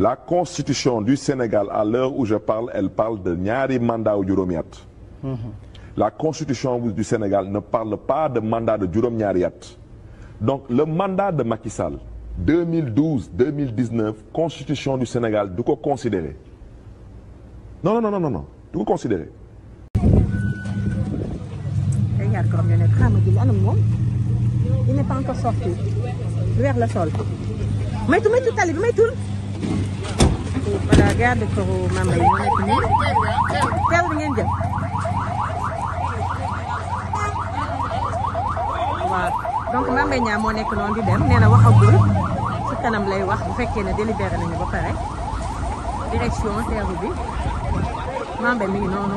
La constitution du Sénégal, à l'heure où je parle, elle parle de Nyari mandat ou juróomi mhm. La constitution du Sénégal ne parle pas de mandat de durom Donc le mandat de Macky Sall 2012 2019 constitution du Sénégal du quoi considérer. Non non non non non non du quoi considérer. il il n'est pas encore sorti vers le sol. tout mais tout. regarde pour ma maison maintenant. ini. rien de. Waaw donc ma meña mo nek non di dem néna waxagul ci kanam lay wax bu fekké né délibéré nañu ba paré direction terre bi mambe mi nonu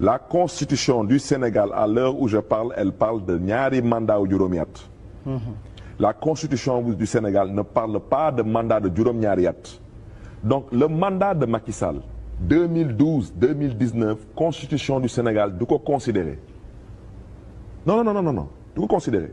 la constitution du Sénégal, à l'heure où je parle, elle parle de Nyari mandat au mhm. La constitution du Sénégal ne parle pas de mandat de juróom Donc le mandat de Macky Sall 2012 2019 constitution du Sénégal de quoi considérer non non non non non De quoi considérer